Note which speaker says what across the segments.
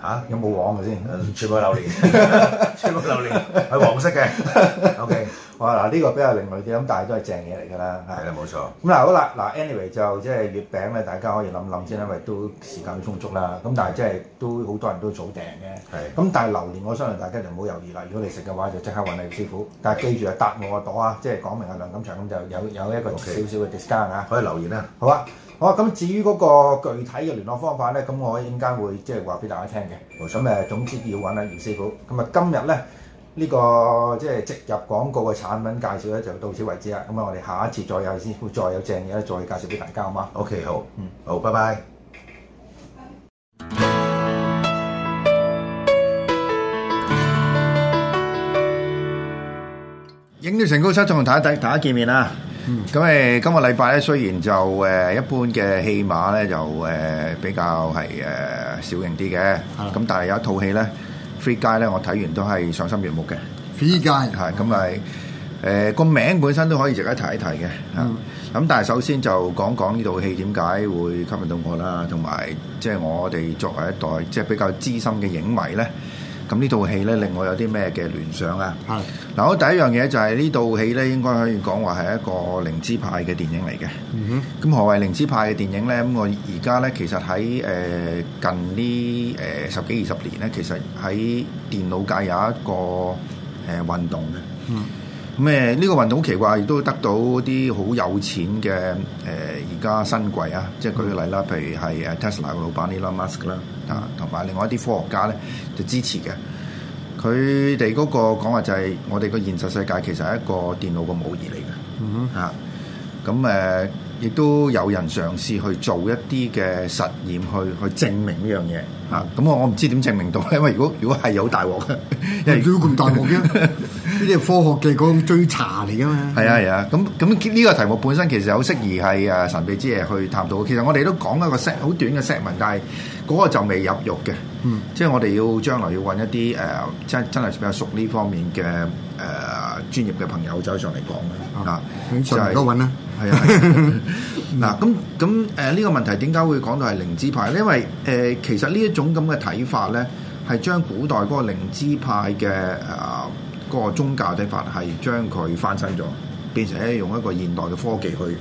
Speaker 1: 啊、有冇黃嘅先？全部是榴槤， 全部是榴槤，係黃色嘅。OK。嗱，呢、這個比較另類啲，咁但係都係正嘢嚟㗎啦。係啦，冇錯。咁、嗯、嗱，好啦，嗱，anyway 就即係月餅咧，大家可以諗諗先因為都時間充足啦。咁、嗯、但係即係都好多人都早訂嘅。係。咁但係榴蓮，我相信大家就唔好猶豫啦。如果你食嘅話，就即刻揾阿姚師傅。但係記住答啊，搭我個朵啊，即係講明阿梁錦祥咁就有有一個少少嘅 discount 啊、okay。可以留言啊，好啊。好啊。咁至於嗰個具體嘅聯絡方法咧，咁我陣間會即係話俾大家聽嘅。咁誒，總之要揾阿姚師傅。咁啊，今日咧。呢個即係植入廣告嘅產品介紹咧，就到此為止啦。咁啊，我哋下一次再有先，會再有正嘢咧，再介紹俾大家，好嗎？OK，好，嗯，好，拜拜。影碟情報室同大家，大家見面啦。咁誒，今日禮拜咧，雖然就誒一般嘅戲碼咧，就誒比較係誒小型啲嘅，咁但係有一套戲咧。Free Guy 咧，我睇完都係賞心悅目嘅。Free Guy，係咁係個名本身都可以值得提一提嘅。咁、嗯，但係首先就講講呢套戲點解會吸引到我啦，同埋即係我哋作為一代即係、就是、比較資深嘅影迷咧。咁呢套戲咧令我有啲咩嘅聯想啊？係嗱，我第一樣嘢就係、是、呢套戲咧，應該可以講話係一個靈知派嘅電影嚟嘅。嗯、哼，咁何謂靈知派嘅電影咧？咁我而家咧其實喺、呃、近呢、呃、十幾二十年咧，其實喺電腦界有一個誒、呃、運動嘅。嗯。咩、這、呢個運動好奇怪，亦都得到啲好有錢嘅而家新貴啊，即係舉個例啦，譬如係 Tesla 老闆、嗯這個老闆呢 Elon Musk 啦，啊，同埋另外一啲科學家咧就支持嘅。佢哋嗰個講話就係、是，我哋個現實世界其實係一個電腦個模擬嚟嘅。咁、嗯、誒，亦、啊呃、都有人嘗試去做一啲嘅實驗去去證明呢樣嘢。咁、啊嗯嗯嗯嗯、我我唔知點證明到咧，因為如果如果係有大鑊嘅，要 咁 大鑊嘅。 呢啲係科學嘅嗰種追查嚟㗎嘛？係啊係啊，咁咁呢個題目本身其實好適宜係誒神秘之夜去探討。其實我哋都講一個 set 好短嘅 set 文，但係嗰個就未入肉嘅。嗯，即係我哋要將來要揾一啲誒、呃、真真係比較熟呢方面嘅誒、呃、專業嘅朋友走上嚟講嘅。啊，上嚟多揾啦。係、就是、啊，嗱咁咁誒呢個問題點解會講到係靈知派？因為誒、呃、其實呢一種咁嘅睇法咧，係將古代嗰個靈知派嘅誒。呃個宗教的法係將佢翻身咗，變成用一個現代嘅科技去，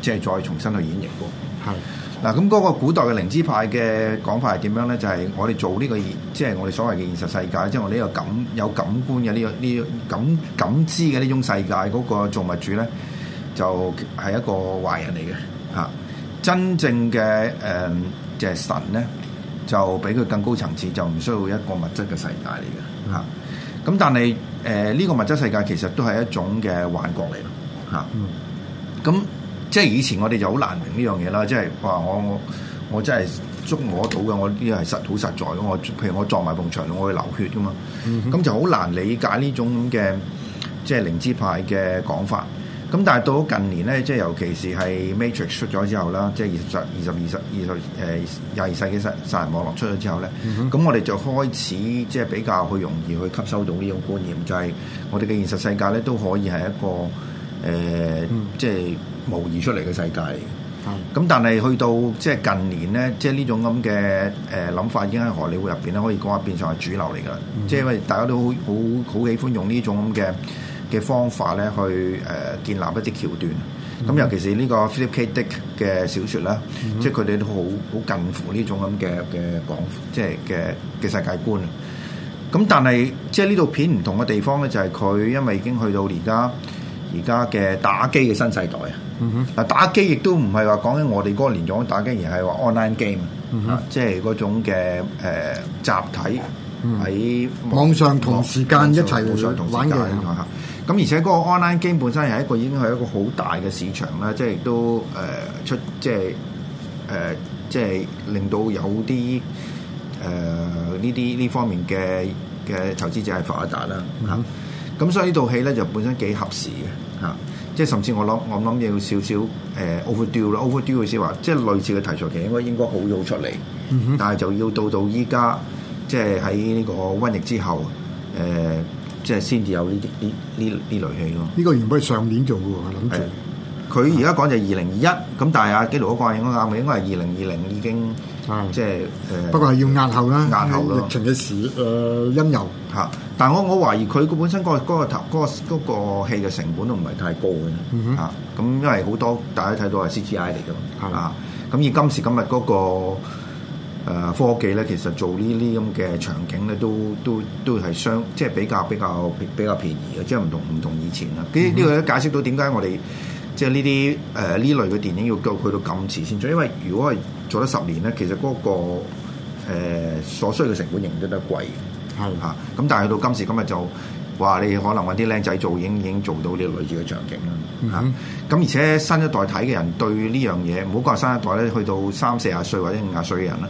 Speaker 1: 即係再重新去演繹過。係嗱，咁嗰個古代嘅靈知派嘅講法係點樣咧？就係我哋做呢個現，即係我哋所謂嘅現實世界，即係我哋呢個感有感官嘅呢樣呢感感知嘅呢種世界嗰個造物主咧，就係一個壞人嚟嘅嚇。真正嘅誒，即係神咧，就比佢更高層次，就唔需要一個物質嘅世界嚟嘅嚇。嗯。咁但係誒呢個物質世界其實都係一種嘅幻覺嚟咯，咁、啊嗯、即係以前我哋就好難明呢樣嘢啦，即係我我我我真係捉摸到嘅，我呢啲係實好實在的，我譬如我撞埋埲牆，我去流血噶嘛，咁、嗯、就好難理解呢種嘅即係靈知派嘅講法。咁但係到咗近年咧，即係尤其是係 Matrix 出咗之後啦，即係二十、二十、二十二十誒廿二,十二十世紀殺殺人網絡出咗之後咧，咁、mm -hmm. 我哋就開始即係比較去容易去吸收到呢種觀念，就係、是、我哋嘅現實世界咧都可以係一個誒，呃 mm -hmm. 即係模擬出嚟嘅世界。咁、mm -hmm. 但係去到即係近年咧，即係呢種咁嘅誒諗法已經喺荷里活入邊咧，可以講話變成係主流嚟㗎，即、mm、係 -hmm. 大家都好好好喜歡用呢種咁嘅。嘅方法咧，去誒建立一啲橋段。咁、嗯、尤其是呢個 Philip K Dick 嘅小説啦，即係佢哋都好好近乎呢種咁嘅嘅講，即係嘅嘅世界觀。咁但係即係呢套片唔同嘅地方咧，就係、是、佢因為已經去到而家而家嘅打機嘅新世代、嗯哼說說 game, 嗯、哼啊。嗱、就是，打機亦都唔係話講緊我哋嗰個年代打機，而係話 online game 即係嗰種嘅誒集體喺網、嗯、網上同時間一齊玩嘅。咁而且嗰個 online game 本身係一個已經係一個好大嘅市場啦，即係亦都誒出即係誒即係令到有啲誒呢啲呢方面嘅嘅投資者係發一達啦嚇。咁、mm -hmm. 所以呢套戲咧就本身幾合時嘅嚇，即係甚至我諗我諗要少少誒、呃、over d 調啦，overdo 佢先話，即係類似嘅題材其實，應該應該好早出嚟，mm -hmm. 但係就要到到依家即係喺呢個瘟疫之後誒。呃即係先至有呢啲啲呢啲類戲咯。呢、這個原本係上年做嘅喎，我諗住。佢而家講就係二零二一，咁但係阿基羅嗰個應該啱嘅，應該係二零二零已經，即係誒、呃。不過係要押
Speaker 2: 後啦，押後咯。疫情
Speaker 1: 嘅時誒因由。嚇、呃！但係我我懷疑佢本身嗰、那個嗰、那個頭、那個那個那個、戲嘅成本都唔係太高嘅。嗯咁因為好多大家睇到係 C G I 嚟㗎嘛。係啦。咁而今時今日嗰、那個。誒科技咧，其實做呢啲咁嘅場景咧，都都都係相即係比較比較比較便宜嘅，即係唔同唔同以前啦。呢呢個咧解釋到點解我哋即係呢啲誒呢類嘅電影要夠去到咁遲先做，因為如果係做咗十年咧，其實嗰、那個、呃、所需嘅成本仍得得係貴嘅，咁、啊、但係到今時今日就話你可能揾啲靚仔做，已經已經做到呢類似嘅場景啦。嚇、啊、咁、嗯嗯啊、而且新一代睇嘅人對呢樣嘢，唔好講係新一代咧，去到三四廿歲或者五廿歲嘅人咧。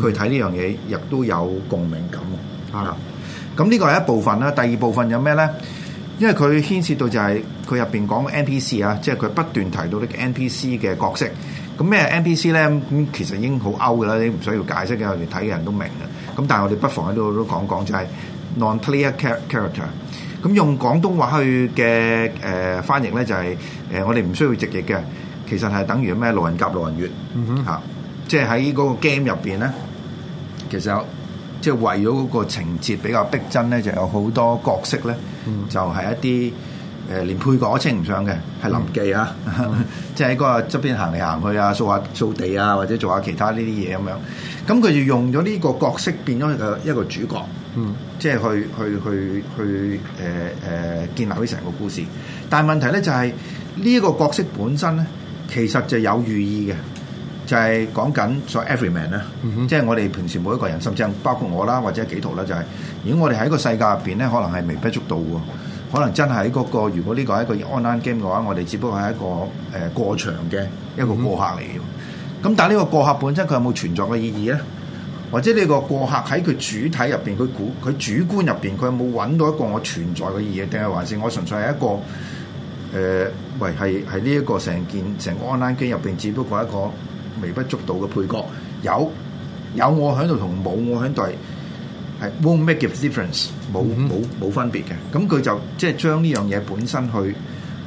Speaker 1: 佢睇呢樣嘢亦都有共鳴感啊！咁呢個係一部分啦。第二部分有咩咧？因為佢牽涉到就係佢入邊講嘅 NPC 啊，即係佢不斷提到呢個 NPC 嘅角色。咁咩 NPC 咧？咁其實已經好 out 㗎啦，你唔需要解釋嘅。我哋睇嘅人都明嘅。咁但係我哋不妨喺度都講講，就係 non-player character。咁用廣東話去嘅誒翻譯咧，就係誒我哋唔需要直譯嘅，其實係等於咩路人甲、路人乙。嗯哼，嚇，即係喺嗰個 game 入邊咧。其實有即係為咗個情節比較逼真咧，就有好多角色咧，就係一啲誒連配角都稱唔上嘅，係臨記啊，即係喺個側邊行嚟行去啊，掃下掃地啊，或者做下其他呢啲嘢咁樣。咁佢就用咗呢個角色變咗一個一個主角，即、嗯、係、就係、去去去去誒、呃呃、建立起成個故事。但係問題咧就係呢一個角色本身咧，其實就有寓意嘅。就係講緊所有 everyman 咧，即、就、係、是、我哋平時每一個人，甚至包括我啦，或者紀陶啦，就係、是、如果我哋喺個世界入邊咧，可能係微不足道喎。可能真係喺嗰個，如果呢個係一個 online game 嘅話，我哋只不過係一個誒、呃、過場嘅一個過客嚟嘅。咁但係呢個過客本身佢有冇存在嘅意義咧？或者呢個過客喺佢主體入邊，佢估佢主觀入邊，佢有冇揾到一個我存在嘅意義？定係還是我純粹係一個誒？喂、呃，係係呢一個成件成個 online game 入邊，只不過一個。微不足道嘅配角，有有我響度同冇我響度係係，won't make a difference，冇冇冇分別嘅。咁佢就即係將呢樣嘢本身去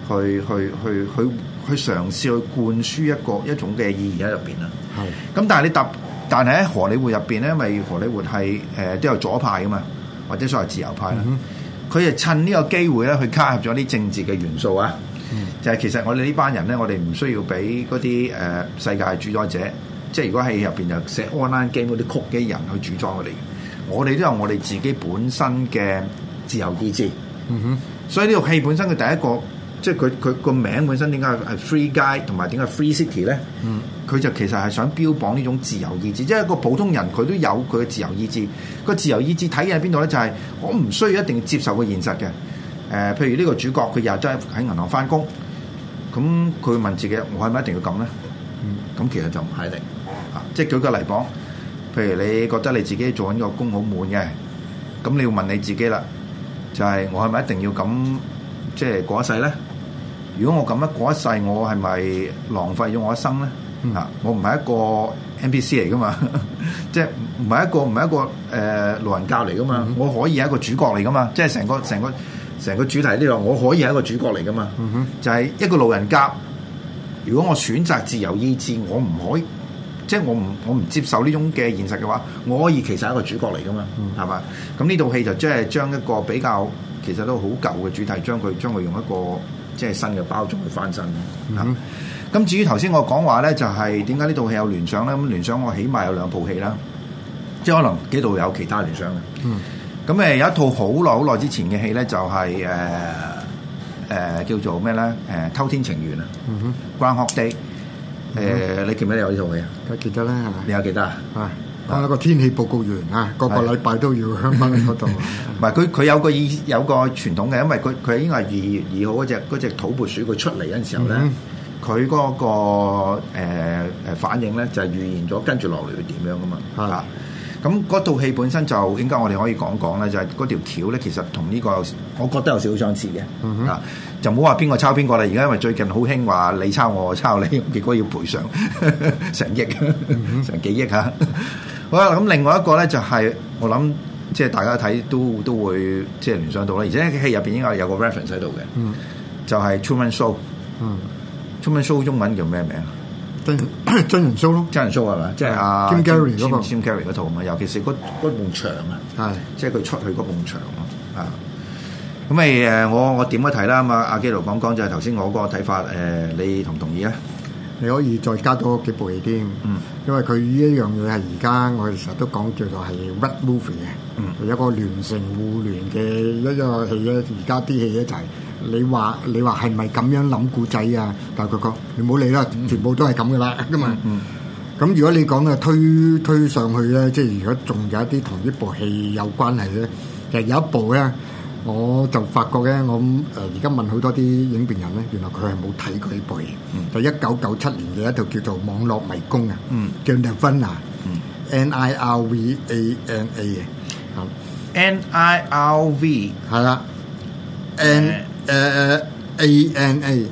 Speaker 1: 去去去去去嘗試去灌輸一個一種嘅意義喺入邊啦。係。咁但係你答，但係喺荷里活入邊咧，因為荷里活係誒、呃、都有左派噶嘛，或者所謂自由派，佢、嗯、就趁呢個機會咧去加入咗啲政治嘅元素啊。就係其實我哋呢班人咧，我哋唔需要俾嗰啲誒世界主宰者，即係如果喺入邊就寫 online game 嗰啲 code 嘅人去主宰我哋，我哋都有我哋自己本身嘅自由意志。嗯哼，所以呢套戲本身嘅第一個，即係佢佢個名本身點解係 free guy 同埋點解 free city 咧？嗯，佢就其實係想標榜呢種自由意志，即係一個普通人佢都有佢嘅自由意志。個自由意志體現喺邊度咧？就係我唔需要一定要接受個現實嘅。誒，譬如呢個主角佢日日喺銀行翻工，咁佢問自己：我係咪一定要咁咧？咁其實就唔係定，嚇，即係舉個例講。譬如你覺得你自己做緊一個工好悶嘅，咁你要問你自己啦，就係我係咪一定要咁即係過一世咧？如果我咁樣過一世，我係咪浪費咗我一生咧？嗱，我唔係一個 NPC 嚟噶嘛，即係唔係一個唔係一個誒路人甲嚟噶嘛，我可以係一個主角嚟噶嘛，即係成個成個。成個主題呢度，我可以係一個主角嚟噶嘛？Mm -hmm. 就係一個路人甲。如果我選擇自由意志，我唔可以，即係我唔我唔接受呢種嘅現實嘅話，我可以其實係一個主角嚟噶嘛？係嘛？Mm -hmm. 咁呢套戲就即係將一個比較其實都好舊嘅主題，將佢將佢用一個即係新嘅包裝去翻身。咁。Mm -hmm. 至於頭先我講話咧，就係點解呢套戲有聯想咧？咁聯想我起碼有兩套戲啦，即係可能幾度有其他聯想嘅。Mm -hmm. 咁誒有一套好耐好耐之前嘅戲咧，就係誒誒叫做咩咧？誒《偷天情緣》啊，嗯哼，《Groundhog Day》誒，你記唔記得有呢套戲啊？記得啦，係咪？你有記得啊？啊，我一個天氣報告員啊，個個禮拜都要香港嗰度。唔係，佢佢有個意，有個傳統嘅，因為佢佢應該係二月二號嗰隻嗰隻土撥鼠佢出嚟嗰陣時候咧，佢嗰個誒誒反應咧就係預言咗跟住落嚟會點樣㗎嘛，係啊。咁嗰套戲本身就應該我哋可以講講咧，就係嗰條橋咧，其實同呢個我覺得有少少相似嘅，啊就唔好話邊個抄邊個啦。而家因為最近好興話你抄我，我抄你，結果要賠償成億、成幾億呀。好啦，咁另外一個咧就係我諗，即係大家睇都都會即係聯想到咧，而且戲入邊應該有個 reference 喺度嘅，就係 Truman Show，Truman Show 中文叫咩名啊？真人 show 咯，真人 show 係咪？即係阿 Jim Carrey 嗰個 Jim Carrey 套啊嘛，尤其是嗰嗰埲牆啊，係，即係佢出去嗰埲牆啊，咁咪誒，我我點解睇啦？阿阿基佬講講就係頭先我嗰個睇法，誒、呃，你同唔同意啊？你可以再加多個幾部戲添，嗯，因為佢依一樣嘢係而家我哋成
Speaker 2: 日都講叫做係 red movie 嘅，嗯，一個聯成互聯嘅一一個戲而家啲戲一就係你話你話係咪咁樣諗故仔啊？但係佢講你唔好理啦，全部都係咁噶啦，噶嘛。咁如果你講嘅推推上去咧，即係如果仲有一啲同呢部戲有關係咧，其實有一部咧，我就發覺咧，我誒而家問好多啲影評人咧，原來佢係冇睇佢呢部。就一九九七年嘅一套叫做《網絡迷宮》啊，《Nirvana》啊，《N I R V A N A》嘅，
Speaker 1: 《N I R V》係啦，《N》。誒誒 A a n A，呢、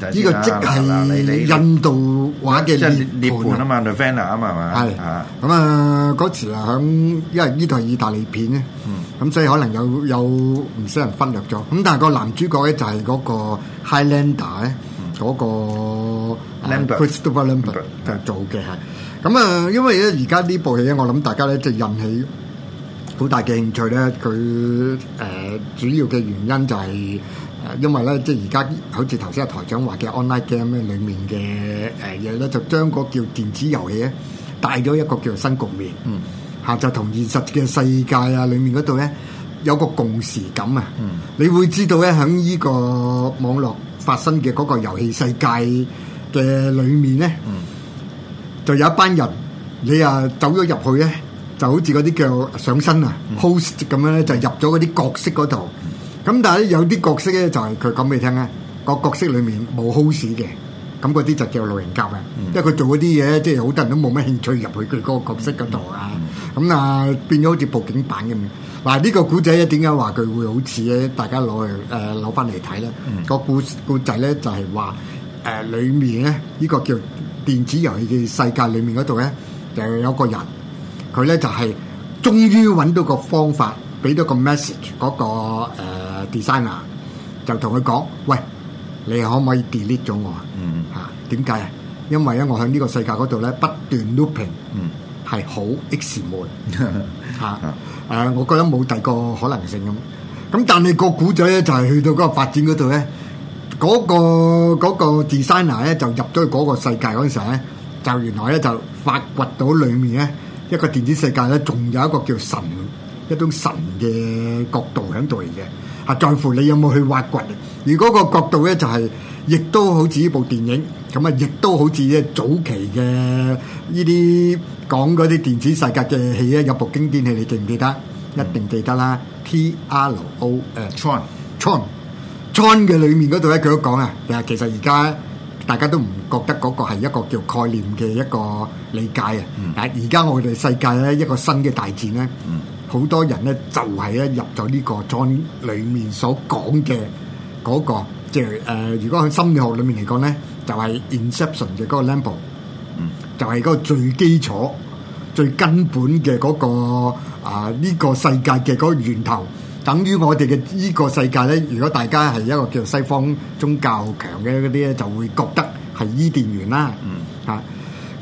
Speaker 1: 這個即係印
Speaker 2: 度話嘅。即係涅槃啊嘛
Speaker 1: ，The Fan 啊嘛，係嘛？係
Speaker 2: 咁啊，嗰時啊，響因為呢套係意大利片咧，咁、嗯、所以可能有有唔少人忽略咗。咁但係個男主角咧就係嗰個 Highlander 咧、嗯，嗰、那個 Lambert，Christopher Lambert 就做嘅係。咁啊，因為咧而家呢部戲咧，我諗大家咧即係引起好大嘅興趣咧。佢誒、呃、主要嘅原因就係、是。因為咧，即係而家好似頭先阿台長話嘅 online game 咧，裡面嘅誒嘢咧，就將個叫電子遊戲咧帶咗一個叫新局面，嚇、嗯、就同現實嘅世界啊，裡面嗰度咧有個共時感啊、嗯，你會知道咧喺呢個網絡發生嘅嗰個遊戲世界嘅裡面咧、嗯，就有一班人你啊走咗入去咧，就好似嗰啲叫上身啊 host、嗯、咁樣咧，就入咗嗰啲角色嗰度。嗯咁但係咧，有啲角色咧就係佢講俾你聽咧，個角色裏面冇 hero 嘅，咁嗰啲就叫路人甲嘅、嗯，因為佢做嗰啲嘢即係好多人都冇咩興趣入去佢個角色嗰度、嗯嗯、啊，咁啊變咗好似佈景版咁。嗱、啊、呢、呢個古仔咧點解話佢會好似咧？大家攞返攞翻嚟睇咧，呃呢嗯個故故仔咧就係話裏面咧呢、呢個叫電子遊戲嘅世界裏面嗰度咧就有個人，佢咧就係終於揾到個方法。俾咗個 message 嗰個誒 designer 就同佢講：喂，你可唔可以 delete 咗我啊？嚇，點解啊？因為咧我喺呢個世界嗰度咧不斷 looping，係好 exhaust。嚇誒，我覺得冇第二個可能性咁。咁但係個古仔咧就係去到嗰個發展嗰度咧，嗰個嗰個 designer 咧就入咗去嗰個世界嗰陣時候咧，就原來咧就發掘到裡面咧一個電子世界咧，仲有一個叫神。一種神嘅角度喺度嚟嘅，啊在乎你有冇去挖掘。而嗰個角度咧就係、是，亦都好似呢部電影，咁啊，亦都好似咧早期嘅呢啲講嗰啲電子世界嘅戲咧，有部經典戲你記唔記得、嗯？一定記得啦。T R O、uh, Tron, Tron, Tron 嘅裏面嗰度咧，佢都講啊，但係其實而家大家都唔覺得嗰個係一個叫概念嘅一個理解啊、嗯。但係而家我哋世界咧一個新嘅大戰咧。嗯好多人咧就係、是、一入咗呢個在裏面所講嘅嗰個，即係誒、呃，如果喺心理學裏面嚟講咧，就係、是、Inception 嘅嗰個 label 就係、是、嗰個最基礎、最根本嘅嗰、那個啊！呢、這個世界嘅嗰個源頭，等於我哋嘅呢個世界咧。如果大家係一個叫做西方宗教強嘅嗰啲咧，就會覺得係伊甸園啦，嚇、嗯。啊。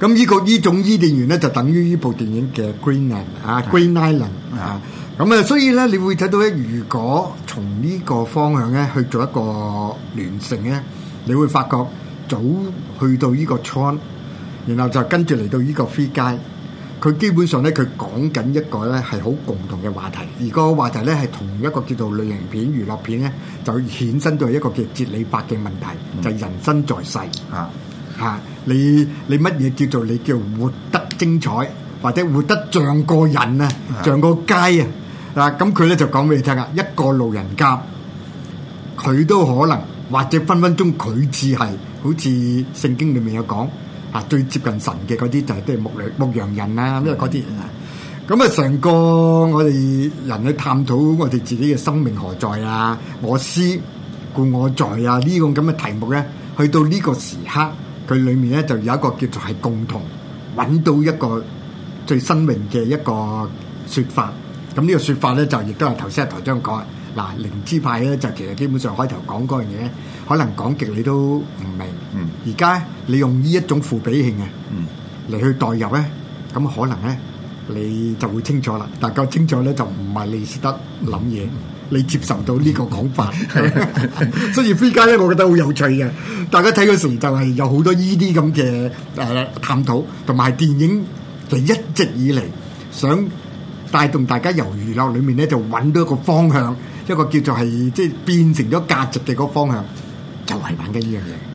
Speaker 2: 咁呢、呢個呢種伊甸園咧，就等於呢部電影嘅 Greenland 啊，Greenland 啊。咁啊，所以咧，你會睇到咧，如果從呢個方向咧去做一個連承咧，你會發覺早去到呢個 TRON，然後就跟住嚟到呢個 Free Guy，佢基本上咧，佢講緊一個咧係好共同嘅話題。而個話題咧係同一個叫做類型片、娛樂片咧，就衍生到一個叫哲理化嘅問題，嗯、就係、人生在世啊啊。你你乜嘢叫做你叫活得精彩，或者活得像個人啊，像個雞啊？咁佢咧就講俾你聽啊，一個路人甲，佢都可能或者分分鐘佢似係好似聖經裏面有講啊，最接近神嘅嗰啲就係都係牧羊牧羊人啊。因為嗰啲啊。咁、嗯、啊，成個我哋人去探討我哋自己嘅生命何在啊，我思故我在啊呢個咁嘅題目咧，去到呢個時刻。佢裏面咧就有一個叫做係共同揾到一個最新穎嘅一個說法，咁呢個說法咧就亦都係頭先阿台長講嗱靈知派咧就其實基本上開頭講嗰樣嘢，可能講極你都唔明，而、嗯、家你用呢一種負比性嘅嚟去代入咧，咁可能咧你就會清楚啦，但夠清楚咧就唔係你識得諗嘢。嗯你接受到呢個講法，所以飛家咧， 我覺得好有趣嘅。大家睇嘅時候就係有好多呢啲咁嘅誒探討，同埋電影就一直以嚟想帶動大家由娛樂裏面咧就揾到一個方向，一個叫做係即係
Speaker 1: 變成咗價值嘅個方向，就係、是、玩緊呢樣嘢。